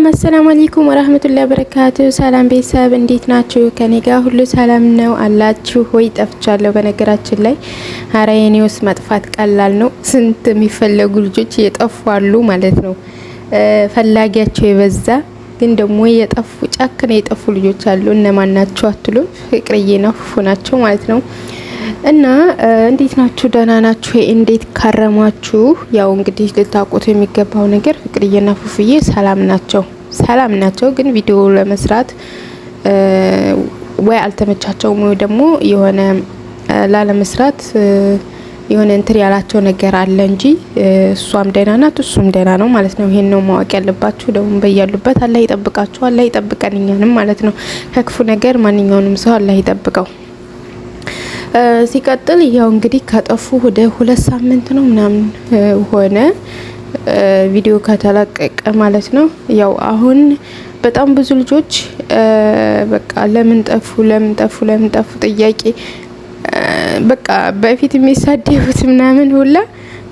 ሰላም አሰላሙ አለይኩም ወራህመቱላሂ በረካቱ። ሰላም ቤተሰብ እንዴት ናችሁ? ከኔ ጋር ሁሉ ሰላም ነው አላችሁ ሆይ? ጠፍቻለሁ። በነገራችን ላይ ኧረ የኔውስ መጥፋት ቀላል ነው። ስንት የሚፈለጉ ልጆች እየጠፉ አሉ ማለት ነው። ፈላጊያቸው የበዛ ግን ደግሞ የጠፉ ጫክ ነው የጠፉ ልጆች አሉ። እነማን ናቸው አትሉ? ፍቅርዬ ነው ናቸው ማለት ነው። እና እንዴት ናችሁ? ደህና ናችሁ? እንዴት ካረማችሁ? ያው እንግዲህ ልታውቁት የሚገባው ነገር ፍቅርዬና ፉፍዬ ሰላም ናቸው፣ ሰላም ናቸው። ግን ቪዲዮ ለመስራት ወይ አልተመቻቸውም ወይ ደግሞ የሆነ ላለመስራት የሆነ እንትን ያላቸው ነገር አለ እንጂ እሷም ደህና ናት፣ እሱም ደህና ነው ማለት ነው። ይሄን ነው ማወቅ ያለባችሁ። ደግሞ በያሉበት አላህ ይጠብቃችሁ፣ አላህ ይጠብቀን እኛንም ማለት ነው። ከክፉ ነገር ማንኛውንም ሰው አላህ ይጠብቀው። ሲቀጥል ያው እንግዲህ ከጠፉ ወደ ሁለት ሳምንት ነው ምናምን ሆነ ቪዲዮ ከተለቀቀ ማለት ነው። ያው አሁን በጣም ብዙ ልጆች በቃ ለምን ጠፉ ለምን ጠፉ ለምን ጠፉ ጥያቄ በቃ በፊት የሚሳደቡት ምናምን ሁላ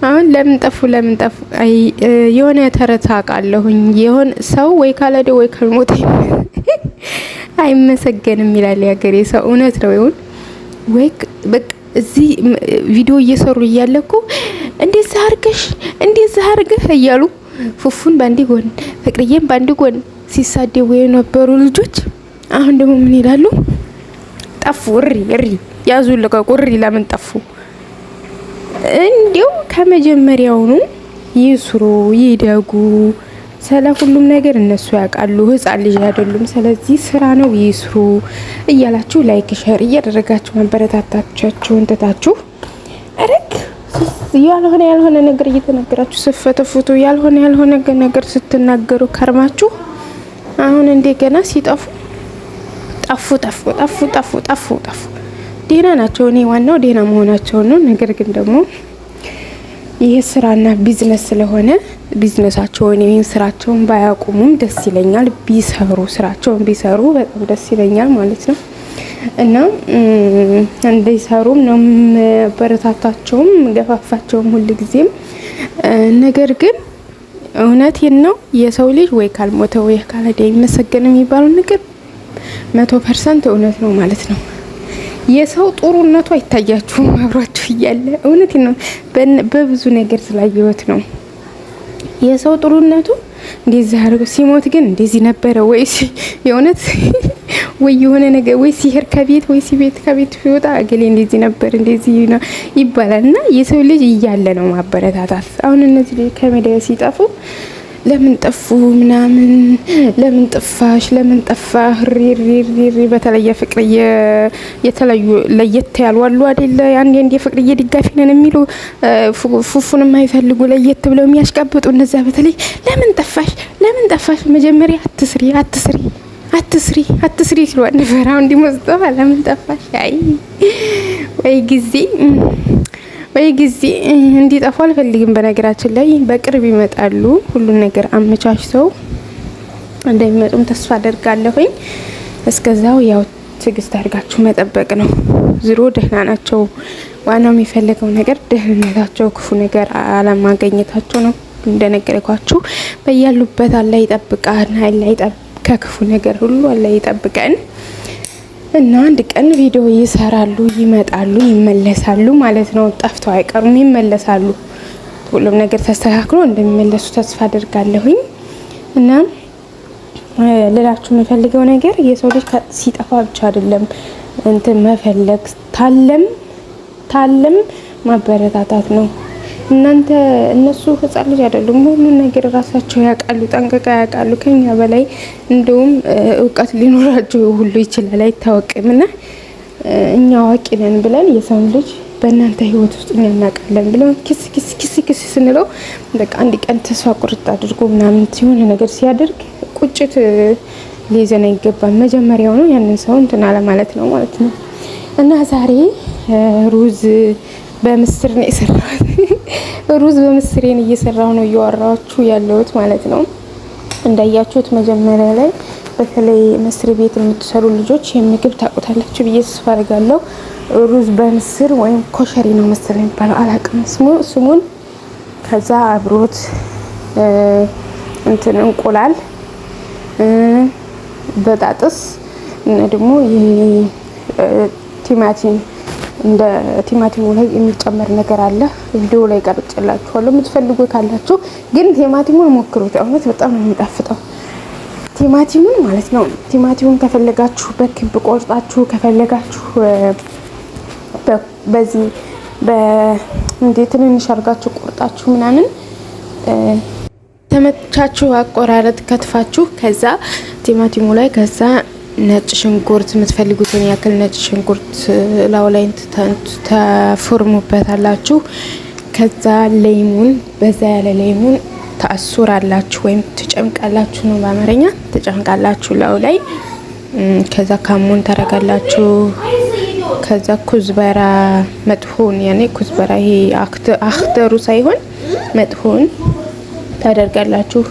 አሁን ለምን ጠፉ ለምን ጠፉ የሆነ ተረት አውቃለሁኝ። የሆነ ሰው ወይ ካለደ ወይ ከሞተ አይመሰገንም ይላል ያገሬ ሰው። እውነት ነው ይሁን ወይ በቃ እዚህ ቪዲዮ እየሰሩ እያለ እኮ እንደዛ አርገሽ እንደዛ አርገህ እያሉ ፉፉን በአንድ ጎን ፍቅርዬም በአንድ ጎን ሲሳደቡ የነበሩ ልጆች አሁን ደግሞ ምን ይላሉ? ጠፉ። እሪ እሪ ያዙ፣ ልቀቁ። እሪ ለምን ጠፉ? እንዲው ከመጀመሪያውኑ ይስሩ ይደጉ። ስለ ሁሉም ነገር እነሱ ያውቃሉ። ህፃን ልጅ አይደሉም። ስለዚህ ስራ ነው ይስሩ እያላችሁ ላይክ፣ ሸር እያደረጋችሁ ማበረታታቻችሁን ትታችሁ ረግ ያልሆነ ያልሆነ ነገር እየተናገራችሁ ስፈተፉቱ ያልሆነ ያልሆነ ነገር ስትናገሩ ከርማችሁ አሁን እንደገና ሲጠፉ ጠፉ ጠፉ ጠፉ ጠፉ ጠፉ ጠፉ ደህና ናቸው። እኔ ዋናው ደህና መሆናቸው ነው። ነገር ግን ደግሞ ይህ ስራና ቢዝነስ ስለሆነ ቢዝነሳቸውን ወይም ስራቸውን ባያቁሙም ደስ ይለኛል። ቢሰሩ ስራቸውን ቢሰሩ በጣም ደስ ይለኛል ማለት ነው እና እንዲሰሩም ነው የምበረታታቸውም ገፋፋቸውም ሁል ጊዜም። ነገር ግን እውነቴን ነው የሰው ልጅ ወይ ካልሞተ ወይ ካልሄደ የሚመሰገን የሚባለው ነገር መቶ ፐርሰንት እውነት ነው ማለት ነው። የሰው ጥሩነቱ አይታያችሁም አብሯችሁ እያለ እውነት ነው። በብዙ ነገር ስላየሁት ነው የሰው ጥሩነቱ እንደዚህ አድርገው ሲሞት ግን እንደዚህ ነበረ ወይስ የእውነት ወይ የሆነ ነገር ወይ ሲሄር ከቤት ወይ ሲቤት ከቤት ሲወጣ እገሌ እንደዚህ ነበር እንደዚህ ነው ይባላል። እና የሰው ልጅ እያለ ነው ማበረታታት። አሁን እነዚህ ከሜዳ ሲጠፉ ለምን ጠፉ ምናምን ለምን ጠፋሽ ለምን ጠፋህ ሪሪሪሪ በተለየ ፍቅርዬ የተለዩ ለየት ያሉ አሉ አይደለ አንዴ አንዴ ፍቅርዬ ደጋፊ ነን የሚሉ ፉፉን የማይፈልጉ ለየት ብለው የሚያሽቀብጡ እነዚያ በተለይ ለምን ጠፋሽ ለምን ጠፋሽ መጀመሪያ አትስሪ አትስሪ አትስሪ አትስሪ ሲሏት ነበር። አሁን ዲ ለምን ጠፋሽ? አይ ወይ ጊዜ በየጊዜ እንዲጠፉ አልፈልግም። በነገራችን ላይ በቅርብ ይመጣሉ። ሁሉን ነገር አመቻችተው እንደሚመጡም ተስፋ አደርጋለሁኝ። እስከዛው ያው ትግስት አድርጋችሁ መጠበቅ ነው። ዝሮ ደህና ናቸው። ዋናው የሚፈለገው ነገር ደህንነታቸው፣ ክፉ ነገር አለማገኘታቸው ነው። እንደነገርኳችሁ በያሉበት አላህ ይጠብቃን፣ አላህ ከክፉ ነገር ሁሉ አላህ ይጠብቀን። እና አንድ ቀን ቪዲዮ ይሰራሉ፣ ይመጣሉ፣ ይመለሳሉ ማለት ነው። ጠፍተው አይቀሩም፣ ይመለሳሉ። ሁሉም ነገር ተስተካክሎ እንደሚመለሱ ተስፋ አድርጋለሁኝ። እና ልላችሁ የምፈልገው ነገር የሰው ልጅ ሲጠፋ ብቻ አይደለም እንትን መፈለግ ታለም ታለም ማበረታታት ነው። እናንተ እነሱ ህጻን ልጅ አይደሉም። ሁሉ ነገር ራሳቸው ያውቃሉ፣ ጠንቅቃ ያውቃሉ። ከኛ በላይ እንደውም እውቀት ሊኖራቸው ሁሉ ይችላል፣ አይታወቅም። እና እኛ አዋቂ ነን ብለን የሰውን ልጅ በእናንተ ህይወት ውስጥ እኛ እናውቃለን ብለን ክስ ክስ ክስ ክስ ስንለው በቃ አንድ ቀን ተስፋ ቁርጥ አድርጎ ምናምን ሲሆን ነገር ሲያደርግ ቁጭት ሊይዘን አይገባም። መጀመሪያው ነው ያንን ሰው እንትን አለ ማለት ነው ማለት ነው እና ዛሬ ሩዝ በምስር ነው የሰራሁት። ሩዝ በምስሬን እየሰራሁ ነው እያወራችሁ ያለሁት ማለት ነው። እንዳያችሁት መጀመሪያ ላይ በተለይ መስሪ ቤት የምትሰሩ ልጆች የምግብ ታውቁታላችሁ ብዬ ተስፋ አድርጋለሁ። ሩዝ በምስር ወይም ኮሸሪ ነው መሰለኝ የሚባለው ስሙ ስሙን። ከዛ አብሮት እንትን እንቁላል፣ በጣጥስ እና ደግሞ ቲማቲም እንደ ቲማቲሙ ላይ የሚጨመር ነገር አለ። ቪዲዮ ላይ ቀርጬላችኋለሁ። የምትፈልጉ ካላችሁ ግን ቲማቲሙን ሞክሩት። እውነት በጣም ነው የሚጣፍጠው ቲማቲሙን ማለት ነው። ቲማቲሙን ከፈለጋችሁ በክብ ቆርጣችሁ ከፈለጋችሁ በዚህ እንደ ትንንሽ አድርጋችሁ ቆርጣችሁ ምናምን ተመቻችሁ አቆራረጥ ከትፋችሁ ከዛ ቲማቲሙ ላይ ከዛ ነጭ ሽንኩርት የምትፈልጉትን ያክል ነጭ ሽንኩርት ላው ላይ ተፎርሙበት ከዛ ለይሙን በዛ ያለ ሌሙን ታሱር አላችሁ ወይም ትጨምቃላችሁ ነው በአማርኛ ትጨምቃላችሁ ላው ላይ። ከዛ ካሙን ታረጋላችሁ። ከዛ ኩዝበራ መጥፎን ያኔ ኩዝበራ ይሄ አክተሩ ሳይሆን መጥሆን ታደርጋላችሁ።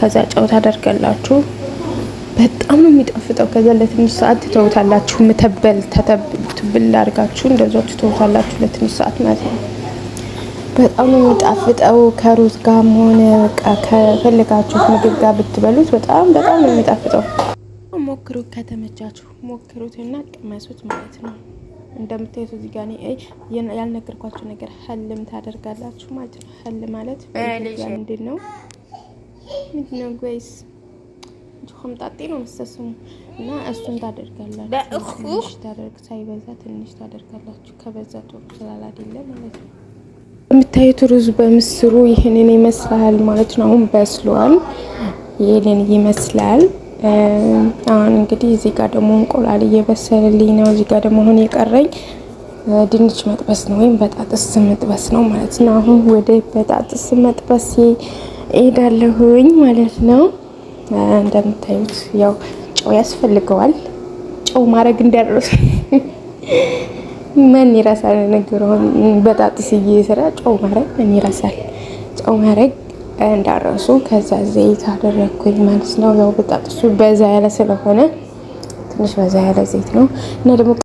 ከዛ ጨው ታደርጋላችሁ። በጣም ነው የሚጣፍጠው። ከዛ ለትንሽ ሰዓት ትተውታላችሁ። ምተበል ትብል አድርጋችሁ እንደዛ ትተውታላችሁ ለትንሽ ሰዓት ማለት ነው። በጣም ነው የሚጣፍጠው። ከሩዝ ጋር ሆነ በቃ ከፈለጋችሁት ምግብ ጋር ብትበሉት በጣም በጣም ነው የሚጣፍጠው። ሞክሩት፣ ከተመቻችሁ ሞክሩትና ቅመሱት ማለት ነው። እንደምታዩት እዚህ ጋር ያልነገርኳችሁ ነገር ህልም ታደርጋላችሁ ማለት ነው። ህል ማለት ምንድን ነው? ምንድን ነው ኮምጣጤ ነው እና እሱን ታደርጋላችሁ። ታደርግ ሳይበዛ ትንሽ ታደርጋላችሁ። ከበዛ ጥሩ ስላላደለ ማለት ነው። የምታዩት ሩዝ በምስሩ ይህንን ይመስላል ማለት ነው። አሁን በስሏል። ይህንን ይመስላል። አሁን እንግዲህ እዚህ ጋር ደግሞ እንቁላል እየበሰለልኝ ነው። እዚህ ጋር ደግሞ አሁን የቀረኝ ድንች መጥበስ ነው ወይም በጣጥስ መጥበስ ነው ማለት ነው። አሁን ወደ በጣጥስ መጥበስ እሄዳለሁኝ ማለት ነው። እንደምታዩት ያው ጨው ያስፈልገዋል። ጨው ማድረግ እንዳረሱ ምን ይረሳል ነገሩ። በጣጥስ እየሰራ ጨው ማድረግ ምን ይረሳል? ጨው ማድረግ እንዳረሱ። ከዛ ዘይት አደረግኩኝ ማለት ነው። ያው በጣጥሱ በዛ ያለ ስለሆነ ትንሽ በዛ ያለ ዘይት ነው እና ደግሞ